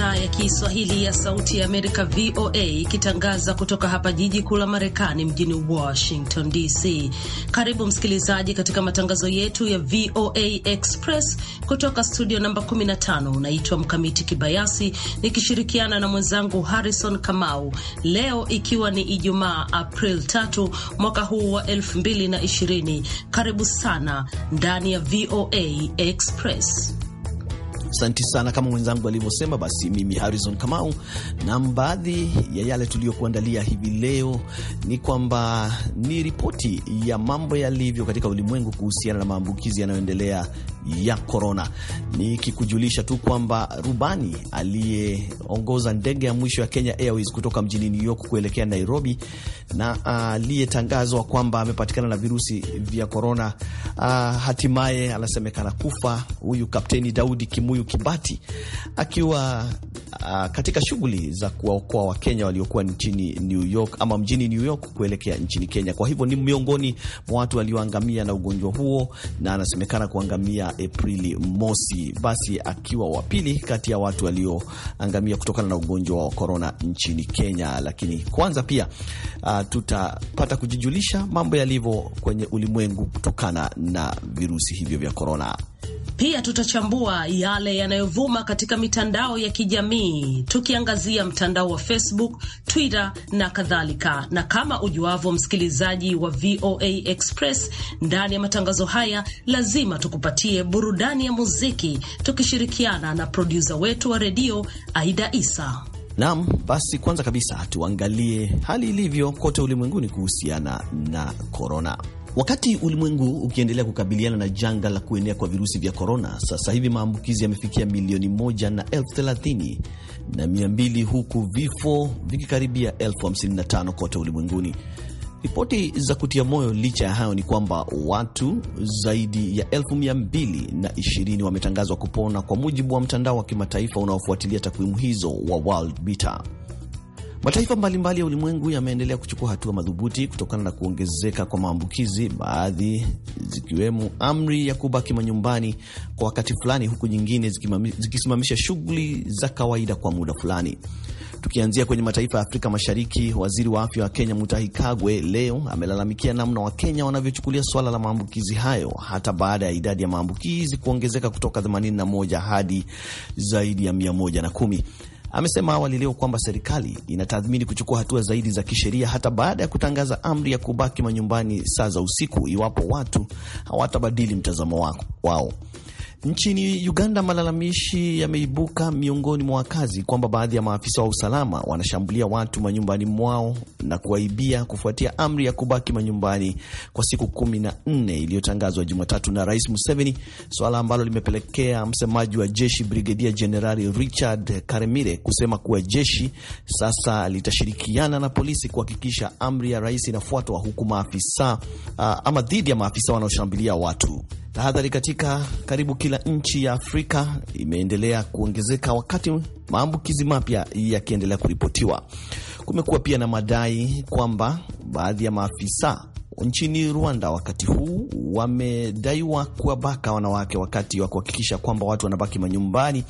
idhaa ya Kiswahili ya Sauti ya Amerika, VOA, ikitangaza kutoka hapa jiji kuu la Marekani, mjini Washington DC. Karibu msikilizaji katika matangazo yetu ya VOA Express kutoka studio namba 15. Unaitwa Mkamiti Kibayasi nikishirikiana na mwenzangu Harrison Kamau. Leo ikiwa ni Ijumaa, April 3 mwaka huu wa 2020. Karibu sana ndani ya VOA Express. Asanti sana, kama mwenzangu alivyosema, basi mimi Harrison Kamau, na baadhi ya yale tuliyokuandalia hivi leo ni kwamba ni ripoti ya mambo yalivyo katika ulimwengu kuhusiana na maambukizi yanayoendelea ya korona, nikikujulisha tu kwamba rubani aliyeongoza ndege ya mwisho ya Kenya Airways kutoka mjini New York kuelekea Nairobi na aliyetangazwa kwamba amepatikana na virusi vya korona ah, hatimaye anasemekana kufa. Huyu Kapteni Daudi Kimuyu Kibuyu Kibati akiwa uh, katika shughuli za kuwaokoa Wakenya waliokuwa nchini New York ama mjini New York kuelekea nchini Kenya. Kwa hivyo ni miongoni mwa watu walioangamia na ugonjwa huo, na anasemekana kuangamia Aprili mosi, basi akiwa wa pili kati ya watu walioangamia kutokana na ugonjwa wa korona nchini Kenya. Lakini kwanza pia uh, tutapata kujijulisha mambo yalivyo kwenye ulimwengu kutokana na virusi hivyo vya korona. Pia tutachambua yale yanayovuma katika mitandao ya kijamii tukiangazia mtandao wa Facebook, Twitter na kadhalika. Na kama ujuavyo, msikilizaji wa VOA Express, ndani ya matangazo haya lazima tukupatie burudani ya muziki tukishirikiana na produsa wetu wa redio Aida Isa. Naam, basi kwanza kabisa tuangalie hali ilivyo kote ulimwenguni kuhusiana na korona. Wakati ulimwengu ukiendelea kukabiliana na janga la kuenea kwa virusi vya korona, sasa hivi maambukizi yamefikia milioni moja na elfu thelathini na mia mbili huku vifo vikikaribia elfu hamsini na tano kote ulimwenguni. Ripoti za kutia moyo licha ya hayo ni kwamba watu zaidi ya elfu mia mbili na ishirini wametangazwa kupona, kwa mujibu wa mtandao wa kimataifa unaofuatilia takwimu hizo wa World Mataifa mbalimbali ya ulimwengu yameendelea kuchukua hatua madhubuti kutokana na kuongezeka kwa maambukizi, baadhi zikiwemo amri ya kubaki manyumbani kwa wakati fulani, huku nyingine zikisimamisha shughuli za kawaida kwa muda fulani. Tukianzia kwenye mataifa ya Afrika Mashariki, waziri wa afya wa Kenya Mutahi Kagwe leo amelalamikia namna Wakenya wanavyochukulia suala la maambukizi hayo hata baada ya idadi ya maambukizi kuongezeka kutoka 81 hadi zaidi ya 110. Amesema awali leo kwamba serikali inatathmini kuchukua hatua zaidi za kisheria hata baada ya kutangaza amri ya kubaki manyumbani saa za usiku iwapo watu hawatabadili mtazamo wao. Nchini Uganda, malalamishi yameibuka miongoni mwa wakazi kwamba baadhi ya maafisa wa usalama wanashambulia watu manyumbani mwao na kuwaibia kufuatia amri ya kubaki manyumbani kwa siku kumi na nne iliyotangazwa Jumatatu na Rais Museveni, suala ambalo limepelekea msemaji wa jeshi Brigedia Jenerali Richard Karemire kusema kuwa jeshi sasa litashirikiana na polisi kuhakikisha amri ya rais inafuatwa, huku maafisa uh, ama dhidi ya maafisa wanaoshambulia watu. Tahadhari katika karibu kila nchi ya Afrika imeendelea kuongezeka wakati maambukizi mapya yakiendelea kuripotiwa. Kumekuwa pia na madai kwamba baadhi ya maafisa nchini Rwanda wakati huu wamedaiwa kuwabaka wanawake wakati wa kuhakikisha kwamba watu wanabaki manyumbani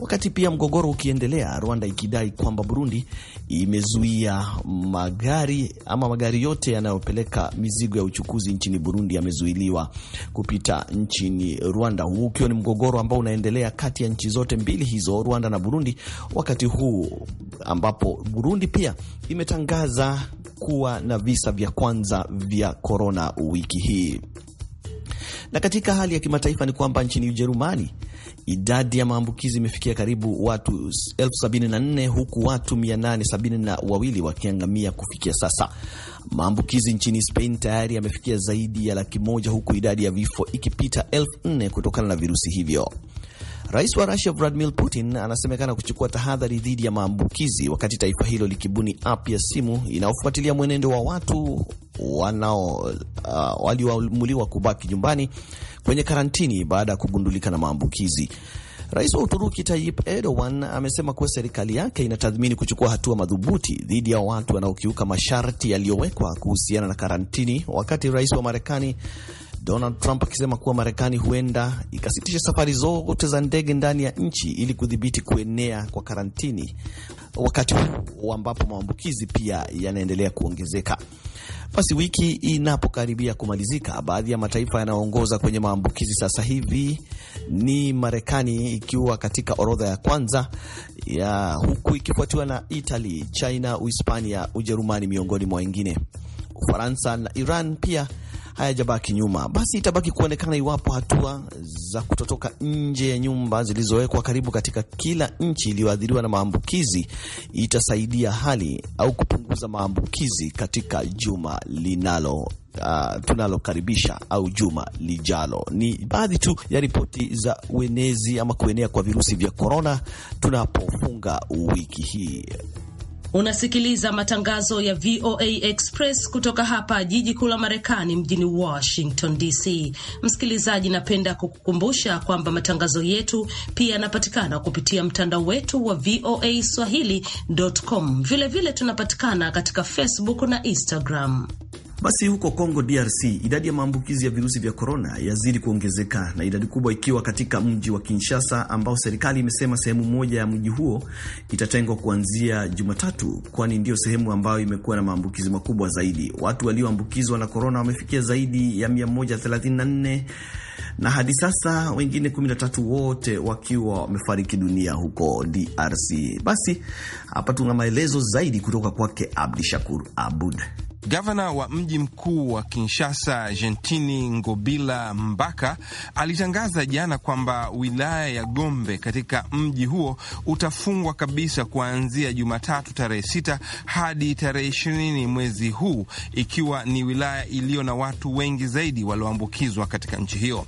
wakati pia mgogoro ukiendelea, Rwanda ikidai kwamba Burundi imezuia magari ama magari yote yanayopeleka mizigo ya uchukuzi nchini Burundi yamezuiliwa kupita nchini Rwanda, huu ukiwa ni mgogoro ambao unaendelea kati ya nchi zote mbili hizo, Rwanda na Burundi, wakati huu ambapo Burundi pia imetangaza kuwa na visa vya kwanza vya korona wiki hii. Na katika hali ya kimataifa ni kwamba nchini Ujerumani Idadi ya maambukizi imefikia karibu watu elfu sabini na nne huku watu mia nane sabini na wawili wakiangamia kufikia sasa. Maambukizi nchini Spain tayari yamefikia zaidi ya laki moja huku idadi ya vifo ikipita elfu nne kutokana na virusi hivyo. Rais wa Rusia Vladimir Putin anasemekana kuchukua tahadhari dhidi ya maambukizi wakati taifa hilo likibuni app ya simu inayofuatilia mwenendo wa watu wanao uh, walioamuliwa kubaki nyumbani kwenye karantini baada ya kugundulika na maambukizi. Rais wa Uturuki Tayyip Erdogan amesema kuwa serikali yake inatathmini kuchukua hatua madhubuti dhidi ya watu wanaokiuka masharti yaliyowekwa kuhusiana na karantini, wakati rais wa Marekani Donald Trump akisema kuwa Marekani huenda ikasitisha safari zote za ndege ndani ya nchi ili kudhibiti kuenea kwa karantini, wakati huu ambapo maambukizi pia yanaendelea kuongezeka. Basi wiki inapokaribia kumalizika, baadhi ya mataifa yanayoongoza kwenye maambukizi sasa hivi ni Marekani ikiwa katika orodha ya kwanza ya huku ikifuatiwa na Italy, China, Uhispania, Ujerumani miongoni mwa wengine. Ufaransa na Iran pia hayajabaki nyuma, basi itabaki kuonekana iwapo hatua za kutotoka nje ya nyumba zilizowekwa karibu katika kila nchi iliyoathiriwa na maambukizi itasaidia hali au kupunguza maambukizi katika juma linalo Uh, tunalokaribisha au juma lijalo. Ni baadhi tu ya ripoti za uenezi ama kuenea kwa virusi vya korona tunapofunga wiki hii. Unasikiliza matangazo ya VOA Express kutoka hapa jiji kuu la Marekani, mjini Washington DC. Msikilizaji, napenda kukukumbusha kwamba matangazo yetu pia yanapatikana kupitia mtandao wetu wa VOA swahili.com. Vilevile tunapatikana katika Facebook na Instagram. Basi huko Congo DRC idadi ya maambukizi ya virusi vya korona yazidi kuongezeka na idadi kubwa ikiwa katika mji wa Kinshasa, ambao serikali imesema sehemu moja ya mji huo itatengwa kuanzia Jumatatu, kwani ndiyo sehemu ambayo imekuwa na maambukizi makubwa zaidi. Watu walioambukizwa na korona wamefikia zaidi ya 134 na hadi sasa wengine 13 wote wakiwa wamefariki dunia huko DRC. Basi hapa tuna maelezo zaidi kutoka kwake Abdi Shakur Abud. Gavana wa mji mkuu wa Kinshasa, Gentini Ngobila Mbaka, alitangaza jana kwamba wilaya ya Gombe katika mji huo utafungwa kabisa kuanzia Jumatatu tarehe sita hadi tarehe ishirini mwezi huu, ikiwa ni wilaya iliyo na watu wengi zaidi walioambukizwa katika nchi hiyo.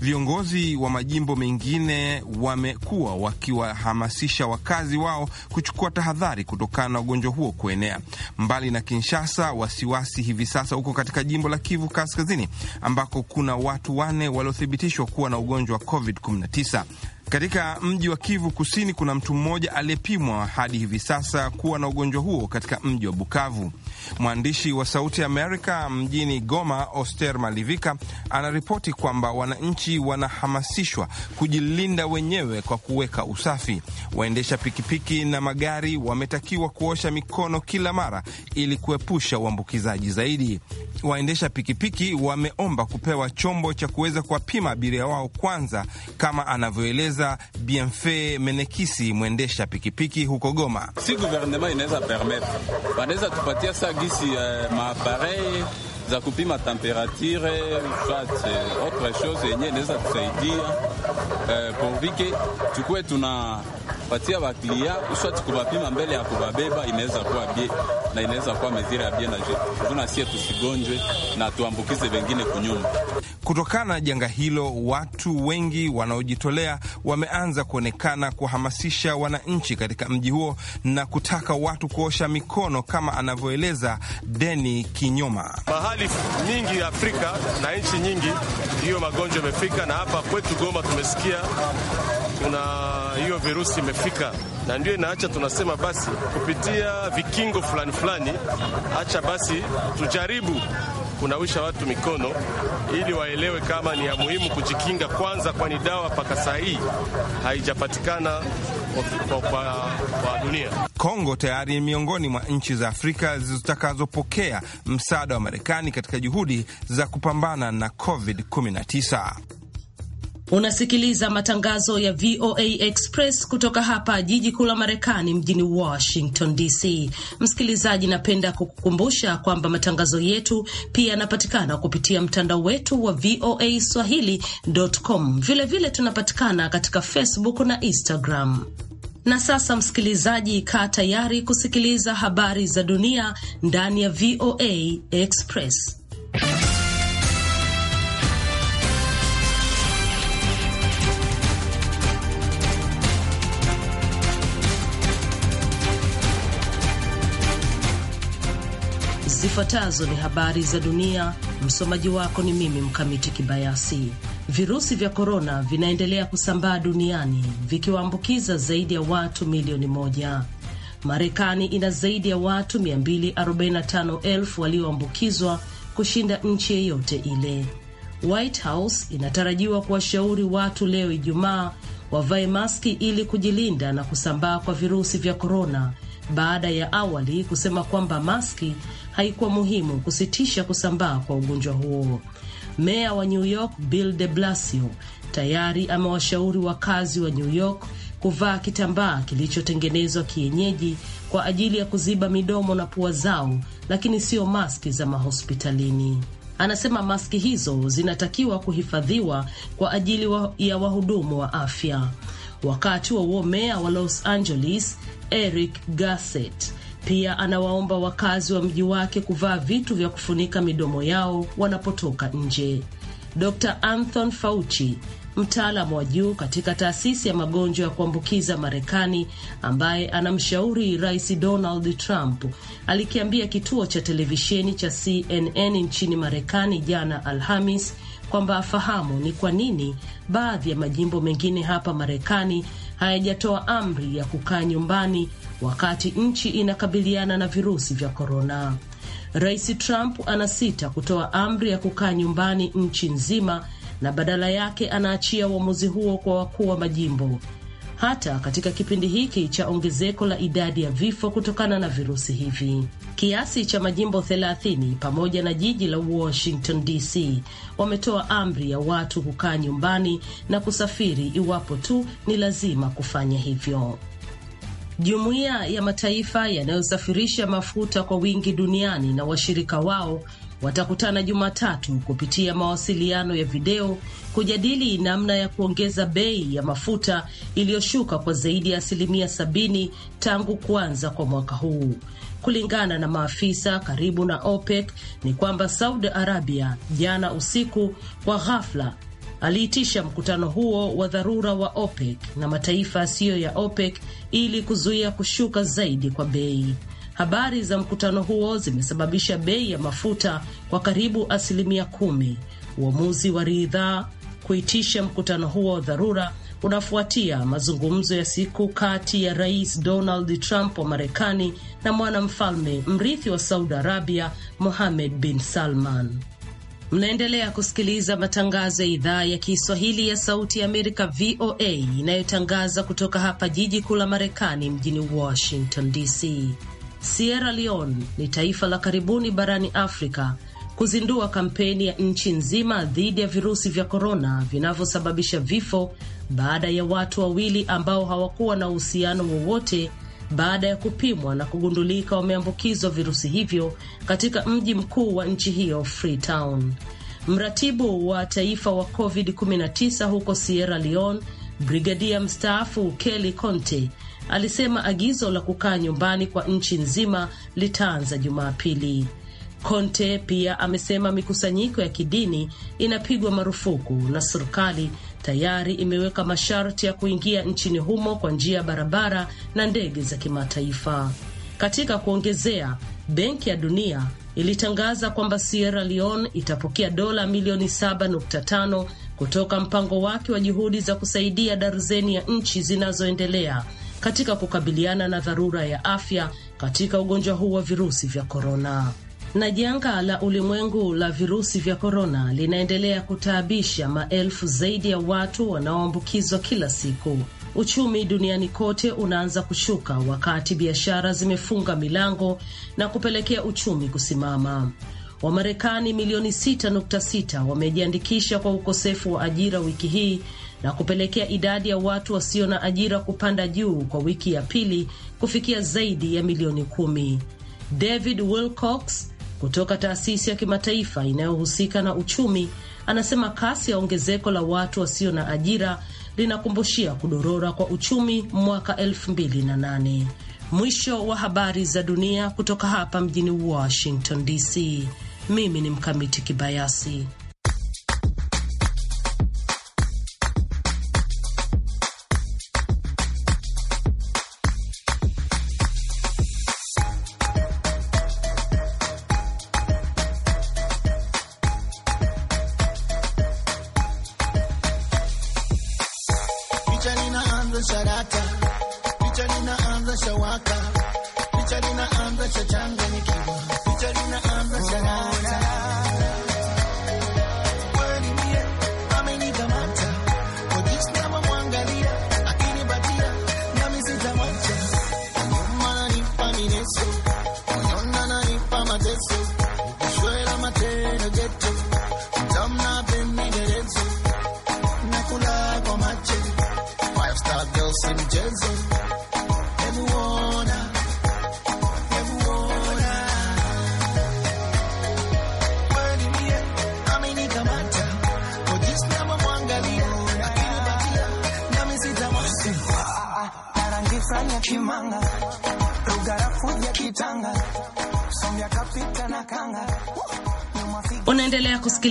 Viongozi wa majimbo mengine wamekuwa wakiwahamasisha wakazi wao kuchukua tahadhari kutokana na ugonjwa huo kuenea. Mbali na Kinshasa, wasiwasi hivi sasa uko katika jimbo la Kivu Kaskazini ambako kuna watu wane waliothibitishwa kuwa na ugonjwa wa COVID-19. Katika mji wa Kivu Kusini kuna mtu mmoja aliyepimwa hadi hivi sasa kuwa na ugonjwa huo katika mji wa Bukavu. Mwandishi wa Sauti Amerika mjini Goma, Oster Malivika, anaripoti kwamba wananchi wanahamasishwa kujilinda wenyewe kwa kuweka usafi. Waendesha pikipiki na magari wametakiwa kuosha mikono kila mara ili kuepusha uambukizaji zaidi waendesha pikipiki wameomba kupewa chombo cha kuweza kuwapima abiria wao kwanza, kama anavyoeleza Bienfe Menekisi, mwendesha pikipiki huko Goma. Si guvernema inaweza permetre, wanaweza tupatia saa gisi eh, maaparei za kupima temperature chat autre chose yenye inaweza kusaidia eh, porvike tukue tunapatia waklia uswati kuvapima mbele ya kubabeba, inaweza kuwa bie na inaweza kuwa mezira ya bie na tuna sie tusigonjwe na tuambukize wengine kunyuma. Kutokana na janga hilo, watu wengi wanaojitolea wameanza kuonekana kuhamasisha wananchi katika mji huo na kutaka watu kuosha mikono kama anavyoeleza Deni Kinyoma Bahai mahali nyingi Afrika na nchi nyingi, hiyo magonjwa imefika, na hapa kwetu Goma tumesikia kuna hiyo virusi imefika, na ndio inaacha tunasema basi kupitia vikingo fulani fulani, acha basi tujaribu kunawisha watu mikono ili waelewe kama ni ya muhimu kujikinga kwanza, kwani dawa mpaka saa hii haijapatikana kwa, kwa, kwa dunia. Kongo tayari ni miongoni mwa nchi za Afrika zitakazopokea msaada wa Marekani katika juhudi za kupambana na COVID-19. Unasikiliza matangazo ya VOA Express kutoka hapa jiji kuu la Marekani, mjini Washington DC. Msikilizaji, napenda kukukumbusha kwamba matangazo yetu pia yanapatikana kupitia mtandao wetu wa VOA Swahili.com. Vilevile tunapatikana katika Facebook na Instagram. Na sasa, msikilizaji, kaa tayari kusikiliza habari za dunia ndani ya VOA Express. Zifuatazo ni habari za dunia. Msomaji wako ni mimi Mkamiti Kibayasi. Virusi vya korona vinaendelea kusambaa duniani vikiwaambukiza zaidi ya watu milioni moja. Marekani ina zaidi ya watu 245,000 walioambukizwa kushinda nchi yeyote ile. White House inatarajiwa kuwashauri watu leo Ijumaa wavae maski ili kujilinda na kusambaa kwa virusi vya korona baada ya awali kusema kwamba maski haikuwa muhimu kusitisha kusambaa kwa ugonjwa huo. Meya wa New York Bill de Blasio tayari amewashauri wakazi wa New York kuvaa kitambaa kilichotengenezwa kienyeji kwa ajili ya kuziba midomo na pua zao, lakini sio maski za mahospitalini. Anasema maski hizo zinatakiwa kuhifadhiwa kwa ajili wa, ya wahudumu wa afya. Wakati wa huo meya wa Los Angeles Eric Garcetti pia anawaomba wakazi wa mji wake kuvaa vitu vya kufunika midomo yao wanapotoka nje. Dr Anthony Fauci mtaalamu wa juu katika taasisi ya magonjwa ya kuambukiza Marekani ambaye anamshauri Rais Donald Trump alikiambia kituo cha televisheni cha CNN nchini Marekani jana Alhamis kwamba afahamu ni kwa nini baadhi ya majimbo mengine hapa Marekani hayajatoa amri ya kukaa nyumbani wakati nchi inakabiliana na virusi vya korona. Rais Trump anasita kutoa amri ya kukaa nyumbani nchi nzima na badala yake anaachia uamuzi huo kwa wakuu wa majimbo. Hata katika kipindi hiki cha ongezeko la idadi ya vifo kutokana na virusi hivi, kiasi cha majimbo 30 pamoja na jiji la Washington DC wametoa amri ya watu kukaa nyumbani na kusafiri iwapo tu ni lazima kufanya hivyo. Jumuiya ya mataifa yanayosafirisha mafuta kwa wingi duniani na washirika wao watakutana Jumatatu kupitia mawasiliano ya video kujadili namna ya kuongeza bei ya mafuta iliyoshuka kwa zaidi ya asilimia sabini tangu kuanza kwa mwaka huu. Kulingana na maafisa karibu na OPEC ni kwamba Saudi Arabia jana usiku kwa ghafla aliitisha mkutano huo wa dharura wa OPEC na mataifa yasiyo ya OPEC ili kuzuia kushuka zaidi kwa bei. Habari za mkutano huo zimesababisha bei ya mafuta kwa karibu asilimia kumi. Uamuzi wa ridhaa kuitisha mkutano huo wa dharura unafuatia mazungumzo ya siku kati ya Rais Donald Trump wa Marekani na mwanamfalme mrithi wa Saudi Arabia Mohammed bin Salman. Mnaendelea kusikiliza matangazo ya idhaa ya Kiswahili ya Sauti ya Amerika, VOA, inayotangaza kutoka hapa jiji kuu la Marekani, mjini Washington DC. Sierra Leone ni taifa la karibuni barani Afrika kuzindua kampeni ya nchi nzima dhidi ya virusi vya korona vinavyosababisha vifo baada ya watu wawili ambao hawakuwa na uhusiano wowote wa baada ya kupimwa na kugundulika wameambukizwa virusi hivyo katika mji mkuu wa nchi hiyo Freetown. Mratibu wa taifa wa COVID-19 huko Sierra Leone, brigadia mstaafu Kelly Conte alisema agizo la kukaa nyumbani kwa nchi nzima litaanza Jumapili. Conte pia amesema mikusanyiko ya kidini inapigwa marufuku na serikali tayari imeweka masharti ya kuingia nchini humo kwa njia ya barabara na ndege za kimataifa. Katika kuongezea, Benki ya Dunia ilitangaza kwamba Sierra Leone itapokea dola milioni 7.5 kutoka mpango wake wa juhudi za kusaidia darzeni ya nchi zinazoendelea katika kukabiliana na dharura ya afya katika ugonjwa huu wa virusi vya korona. Na janga la ulimwengu la virusi vya korona linaendelea kutaabisha maelfu zaidi ya watu wanaoambukizwa kila siku. Uchumi duniani kote unaanza kushuka wakati biashara zimefunga milango na kupelekea uchumi kusimama. Wamarekani milioni 6.6 wamejiandikisha kwa ukosefu wa ajira wiki hii na kupelekea idadi ya watu wasio na ajira kupanda juu kwa wiki ya pili kufikia zaidi ya milioni kumi. David Wilcox kutoka taasisi ya kimataifa inayohusika na uchumi anasema kasi ya ongezeko la watu wasio na ajira linakumbushia kudorora kwa uchumi mwaka 2008. Mwisho wa habari za dunia kutoka hapa mjini Washington DC. Mimi ni Mkamiti Kibayasi.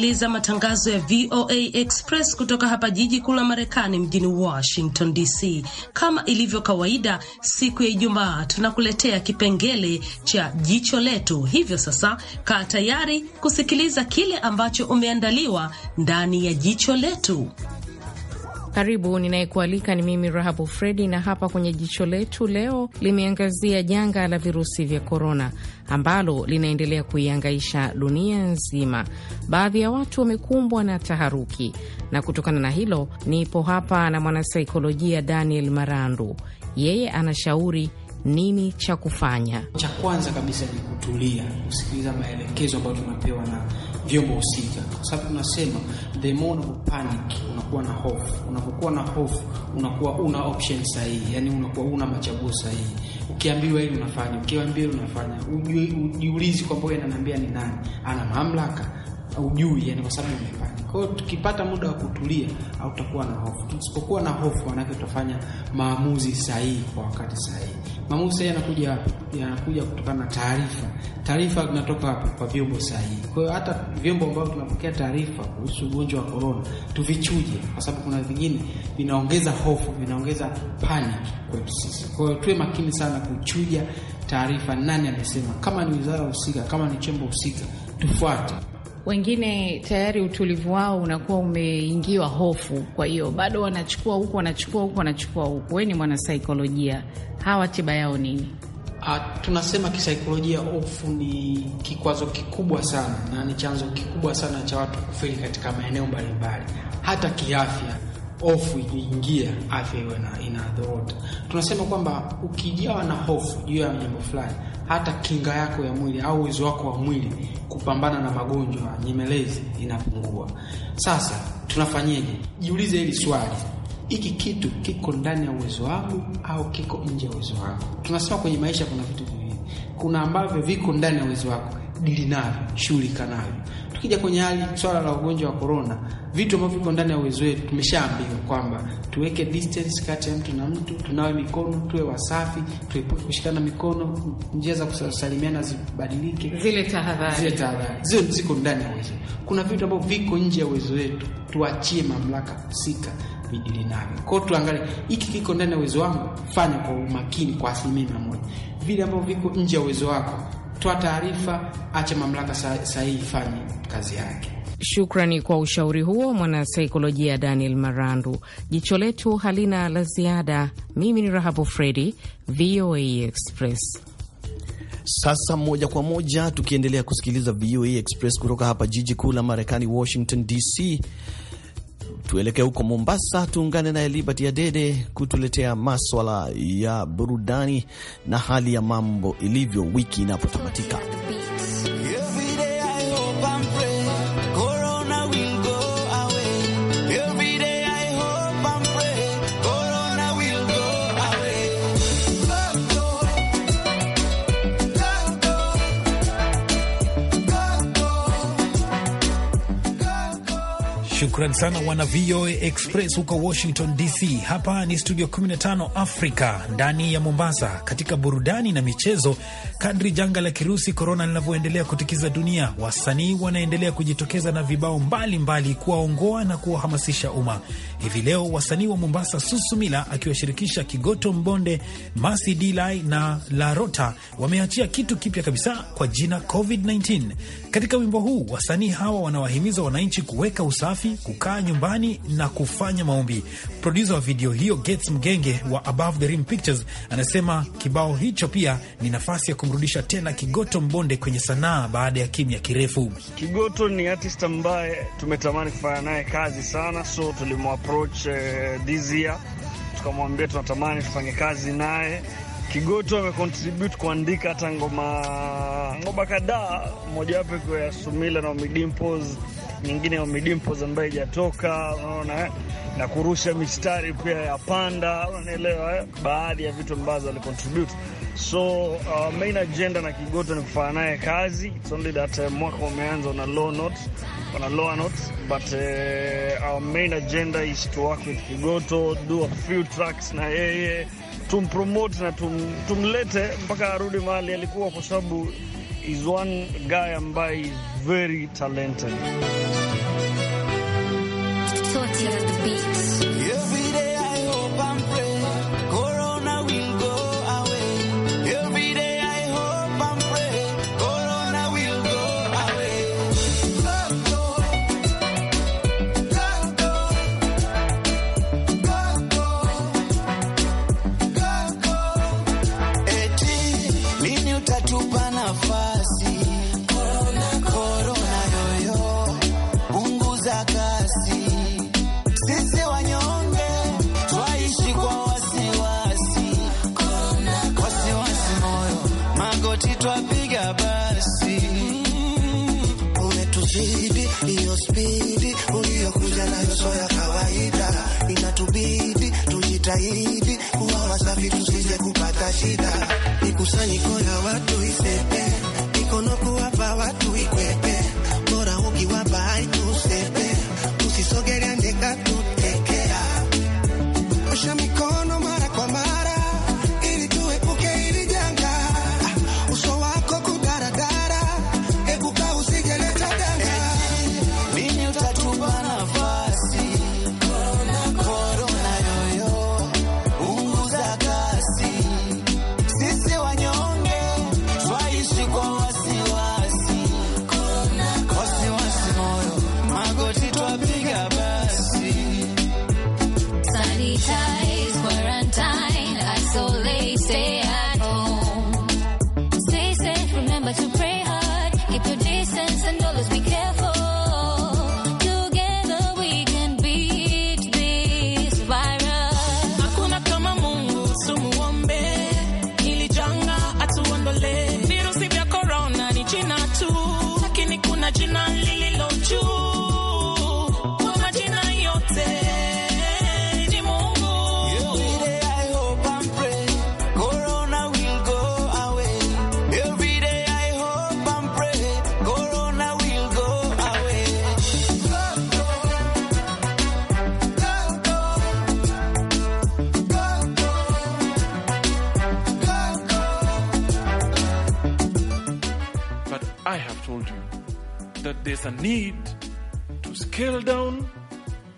kusikiliza matangazo ya VOA Express kutoka hapa jiji kuu la Marekani, mjini Washington DC. Kama ilivyo kawaida, siku ya Ijumaa tunakuletea kipengele cha jicho letu. Hivyo sasa, kaa tayari kusikiliza kile ambacho umeandaliwa ndani ya jicho letu. Karibu, ninayekualika ni mimi Rahabu Fredi, na hapa kwenye jicho letu leo limeangazia janga la virusi vya korona ambalo linaendelea kuiangaisha dunia nzima. Baadhi ya watu wamekumbwa na taharuki, na kutokana na hilo nipo hapa na mwanasaikolojia Daniel Marandu. Yeye anashauri nini cha kufanya. Cha kwanza kabisa ni kutulia, kusikiliza maelekezo ambayo tunapewa na vyombo husika, kwa sababu tunasema the more panic, unakuwa na hofu. Unapokuwa na hofu, unakuwa una option sahihi, yani unakuwa una machaguo sahihi. Ukiambiwa hili unafanya, ukiambiwa unafanya. Ujiulizi kwamba yeye ananiambia ni nani, ana mamlaka Ujui yani, kwa sababu umefanya. Kwa hiyo tukipata muda wa kutulia, au tutakuwa na hofu. Tusipokuwa na hofu, manake tutafanya maamuzi sahihi kwa wakati sahihi. Maamuzi sahihi yanakuja Yanakuja kutokana na taarifa. Taarifa zinatoka wapi? Kwa vyombo sahihi. Kwa hiyo hata vyombo ambavyo tunapokea taarifa kuhusu ugonjwa wa korona tuvichuje, kwa sababu kuna vingine vinaongeza hofu, vinaongeza panic kwetu sisi. Kwa hiyo tuwe makini sana kuchuja taarifa, nani amesema, kama ni wizara husika, kama ni chembo husika, tufuate wengine tayari utulivu wao unakuwa umeingiwa hofu, kwa hiyo bado wanachukua huku wanachukua huku wanachukua huku. Wewe ni mwanasaikolojia, hawa tiba yao nini? A, ah, tunasema kisaikolojia, hofu ni kikwazo kikubwa sana na ni chanzo kikubwa sana cha watu kufeli katika maeneo mbalimbali, hata kiafya. Hofu ikiingia, afya iwe inadhorota. Tunasema kwamba ukijawa na hofu juu ya jambo fulani hata kinga yako ya mwili au uwezo wako wa mwili kupambana na magonjwa nyemelezi inapungua. Sasa tunafanyeje? Jiulize hili swali, hiki kitu kiko ndani ya uwezo wangu au kiko nje ya uwezo wangu? Tunasema kwenye maisha kuna vitu viwili, kuna ambavyo viko ndani ya uwezo wako dili navyo, shughulika navyo. Tukija kwenye hali swala la ugonjwa wa korona, vitu ambavyo viko ndani ya uwezo wetu, tumeshaambiwa kwamba tuweke distance kati ya mtu na mtu, tunawe mikono, tuwe wasafi, tuepuke kushikana mikono, njia za kusalimiana zibadilike, zile tahadhari, zile tahadhari zile ziko ndani ya uwezo. Kuna vitu ambavyo viko nje ya uwezo wetu, tuachie mamlaka husika vidili navyo. Kwao tuangalie hiki kiko ndani ya uwezo wangu, fanya kwa umakini kwa asilimia mia moja. Vile ambavyo viko nje ya uwezo wako toa taarifa, acha mamlaka sahihi ifanye kazi yake. Shukrani kwa ushauri huo mwanasaikolojia Daniel Marandu. Jicho letu halina la ziada. Mimi ni Rahabu Fredi, VOA Express. Sasa moja kwa moja tukiendelea kusikiliza VOA Express kutoka hapa jiji kuu la Marekani, Washington DC. Tuelekee huko Mombasa, tuungane naye Liberty Dede kutuletea maswala ya burudani na hali ya mambo ilivyo wiki inapotamatika. Shukran sana wana VOA Express huko Washington DC. Hapa ni studio 15 Afrika ndani ya Mombasa. Katika burudani na michezo, kadri janga la kirusi korona linavyoendelea kutikiza dunia, wasanii wanaendelea kujitokeza na vibao mbalimbali kuwaongoa na kuwahamasisha umma. Hivi leo wasanii wa Mombasa, Susumila akiwashirikisha Kigoto Mbonde, Masi Dilai na Larota wameachia kitu kipya kabisa kwa jina COVID-19. Katika wimbo huu wasanii hawa wanawahimiza wananchi kuweka usafi kukaa nyumbani na kufanya maombi. Produsa wa video hiyo Gets Mgenge wa Above the Rim Pictures anasema kibao hicho pia ni nafasi ya kumrudisha tena Kigoto Mbonde kwenye sanaa baada ya kimya kirefu. Kigoto ni artist ambaye tumetamani kufanya naye kazi sana, so tulimwaproach eh, this year tukamwambia tunatamani tufanye kazi naye. Kigoto amecontribute kuandika hata ngoma ngoma kadhaa, mojawapo ikiwa ya Sumila na Omidimpos nyingine ya Dimpoz ambayo ijatoka, unaona eh? na kurusha mistari pia ya panda, unaelewa eh? Baadhi ya vitu ambazo alicontribute so uh, main agenda na Kigoto ni kufanya naye kazi. It's only that uh, mwaka umeanza on a low note, on a lower note but uh, our main agenda is to work with Kigoto, do a few tracks na yeye tumpromote na tum, tumlete mpaka arudi mahali alikuwa kwa sababu is one guy ambaye is very talented. uliyokuja nayo sio ya kawaida, inatubidi tujitahidi kuwa wasafi tusije kupata shida. Mikusanyiko ya watu isepe, mikono kuwapa watu ikwepe there's a need to scale down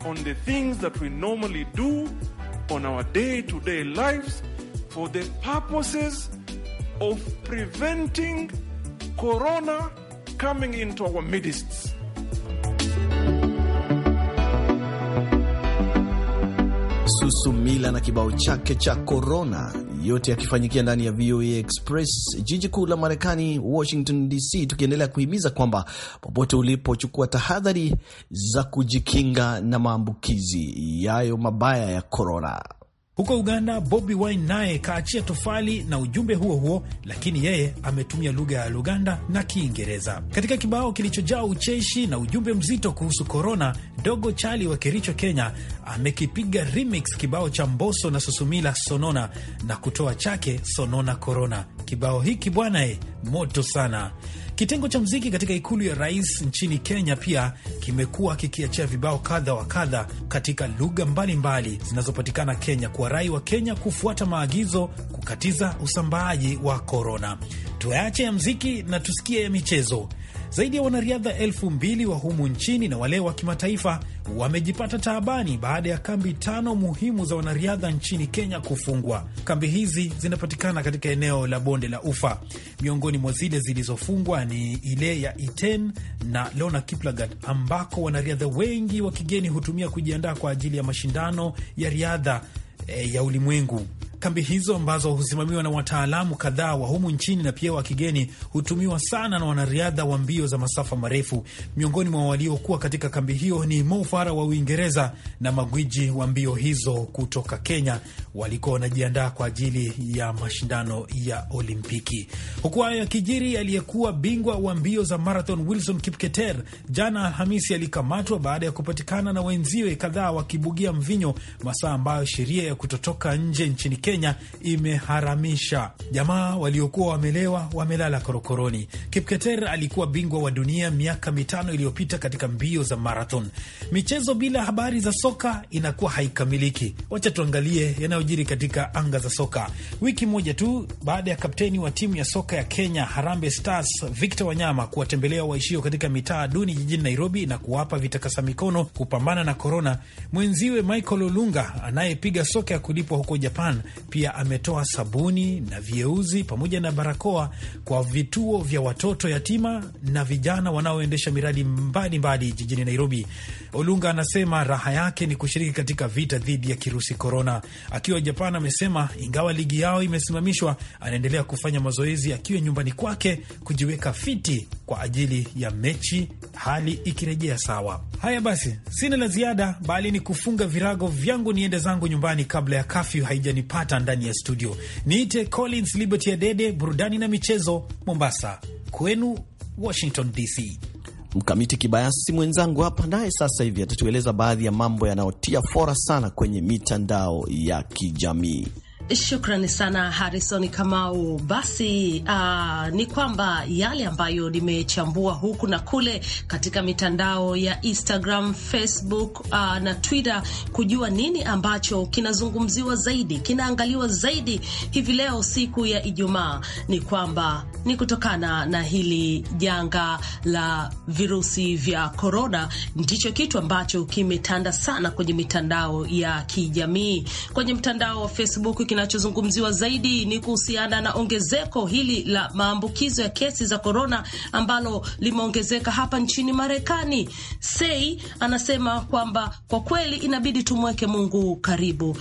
on the things that we normally do on our day-to-day lives for the purposes of preventing corona coming into our midst. susumila na kibao chake cha Corona yote yakifanyikia ndani ya VOA Express, jiji kuu la Marekani, Washington DC, tukiendelea kuhimiza kwamba popote ulipochukua tahadhari za kujikinga na maambukizi yayo mabaya ya korona. Huko Uganda, Bobi Wine naye kaachia tofali na ujumbe huo huo, lakini yeye ametumia lugha ya Luganda na Kiingereza katika kibao kilichojaa ucheshi na ujumbe mzito kuhusu korona. Dogo Chali wa Kericho, Kenya, amekipiga remix kibao cha Mboso na Susumila Sonona na kutoa chake Sonona Korona. Kibao hiki bwanae eh, moto sana. Kitengo cha mziki katika ikulu ya rais nchini Kenya pia kimekuwa kikiachia vibao kadha wa kadha katika lugha mbalimbali zinazopatikana Kenya, kwa rai wa Kenya kufuata maagizo kukatiza usambaaji wa korona. Tuache ya mziki na tusikie ya michezo. Zaidi ya wanariadha elfu mbili wa humu nchini na wale wa kimataifa wamejipata taabani baada ya kambi tano muhimu za wanariadha nchini Kenya kufungwa. Kambi hizi zinapatikana katika eneo la bonde la Ufa. Miongoni mwa zile zilizofungwa ni ile ya Iten na Lona Kiplagat, ambako wanariadha wengi wa kigeni hutumia kujiandaa kwa ajili ya mashindano ya riadha eh, ya ulimwengu. Kambi hizo ambazo husimamiwa na wataalamu kadhaa wa humu nchini na pia wa kigeni hutumiwa sana na wanariadha wa mbio za masafa marefu. Miongoni mwa waliokuwa katika kambi hiyo ni Mo Farah wa Uingereza na magwiji wa mbio hizo kutoka Kenya walikuwa wanajiandaa kwa ajili ya mashindano ya Olimpiki. Huku hayo yakijiri, aliyekuwa bingwa wa mbio za marathon Wilson Kipketer jana Alhamisi alikamatwa baada ya kupatikana na wenziwe kadhaa wakibugia mvinyo, masaa ambayo sheria ya kutotoka nje nchini Kenya imeharamisha. Jamaa waliokuwa wamelewa wamelala korokoroni. Kipketer alikuwa bingwa wa dunia miaka mitano iliyopita katika mbio za marathon. Michezo bila habari za soka inakuwa haikamiliki. Wacha tuangalie yanayojiri katika anga za soka. Wiki moja tu baada ya kapteni wa timu ya soka ya Kenya Harambee Stars Victor Wanyama kuwatembelea waishio katika mitaa duni jijini Nairobi na kuwapa vitakasa mikono kupambana na korona, mwenziwe Michael Olunga anayepiga soka ya kulipwa huko Japan pia ametoa sabuni na vyeuzi pamoja na barakoa kwa vituo vya watoto yatima na vijana wanaoendesha miradi mbalimbali jijini Nairobi. Olunga anasema raha yake ni kushiriki katika vita dhidi ya kirusi korona. Akiwa Japan, amesema ingawa ligi yao imesimamishwa, anaendelea kufanya mazoezi akiwa nyumbani kwake kujiweka fiti kwa ajili ya mechi, hali ikirejea sawa. Haya basi, sina la ziada, bali ni kufunga virago vyangu niende zangu nyumbani kabla ya kafyu haijanipata hata ndani ya studio. Niite Collins Liberty Adede, burudani na michezo, Mombasa kwenu Washington DC. Mkamiti Kibayasi mwenzangu hapa naye sasa hivi atatueleza baadhi ya mambo yanayotia fora sana kwenye mitandao ya kijamii. Shukrani sana harison Kamau. Basi uh, ni kwamba yale ambayo nimechambua huku na kule katika mitandao ya Instagram, Facebook uh, na Twitter kujua nini ambacho kinazungumziwa zaidi, kinaangaliwa zaidi hivi leo siku ya Ijumaa, ni kwamba ni kutokana na hili janga la virusi vya korona, ndicho kitu ambacho kimetanda sana kwenye mitandao ya kijamii, kwenye mtandao wa Facebook kinachozungumziwa zaidi ni kuhusiana na ongezeko hili la maambukizo ya kesi za korona ambalo limeongezeka hapa nchini Marekani. Sei anasema kwamba kwa kweli inabidi tumweke Mungu karibu.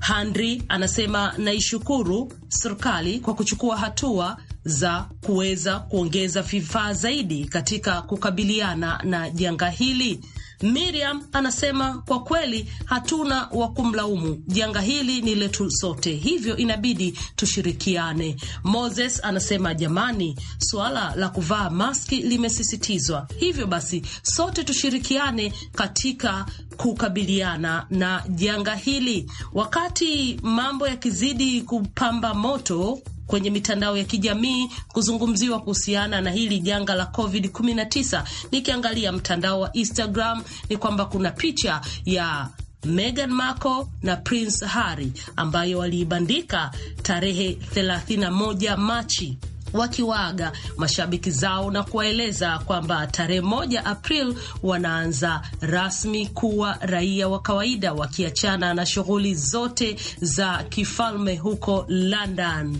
Henry anasema naishukuru serikali kwa kuchukua hatua za kuweza kuongeza vifaa zaidi katika kukabiliana na janga hili. Miriam anasema kwa kweli hatuna wa kumlaumu, janga hili ni letu sote, hivyo inabidi tushirikiane. Moses anasema jamani, suala la kuvaa maski limesisitizwa, hivyo basi sote tushirikiane katika kukabiliana na janga hili. Wakati mambo yakizidi kupamba moto kwenye mitandao ya kijamii kuzungumziwa kuhusiana na hili janga la Covid 19. Nikiangalia mtandao wa Instagram ni kwamba kuna picha ya Meghan Markle na Prince Harry ambayo waliibandika tarehe 31 Machi wakiwaaga mashabiki zao na kuwaeleza kwamba tarehe moja April wanaanza rasmi kuwa raia wa kawaida, wakiachana na shughuli zote za kifalme huko London.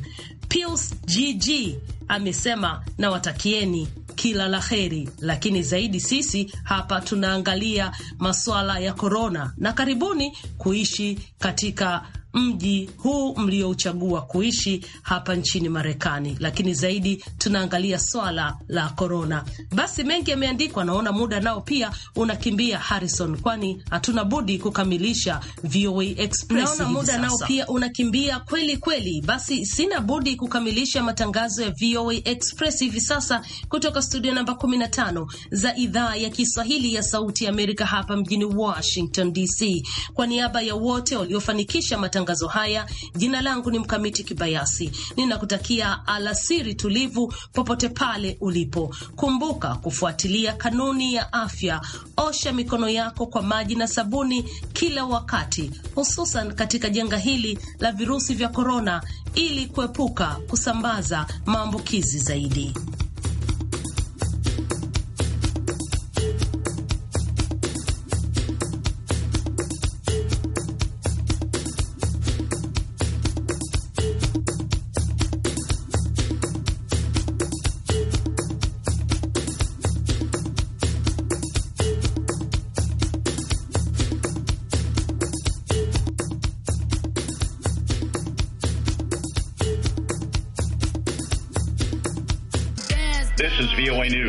Pius GG amesema nawatakieni kila la heri, lakini zaidi sisi hapa tunaangalia masuala ya korona na karibuni kuishi katika mji huu mliouchagua kuishi hapa nchini Marekani, lakini zaidi tunaangalia swala la korona. Basi mengi yameandikwa, naona muda nao pia unakimbia Harrison, kwani hatuna budi kukamilisha VOA Express. Naona muda nao pia unakimbia kweli kweli, basi sina budi kukamilisha matangazo ya VOA Express hivi sasa kutoka studio namba 15 za idhaa ya Kiswahili ya Sauti ya Amerika hapa mjini Washington DC, kwa niaba ya wote waliofanikisha matangazo matangazo haya. Jina langu ni Mkamiti Kibayasi, ninakutakia alasiri tulivu popote pale ulipo. Kumbuka kufuatilia kanuni ya afya, osha mikono yako kwa maji na sabuni kila wakati, hususan katika janga hili la virusi vya korona, ili kuepuka kusambaza maambukizi zaidi.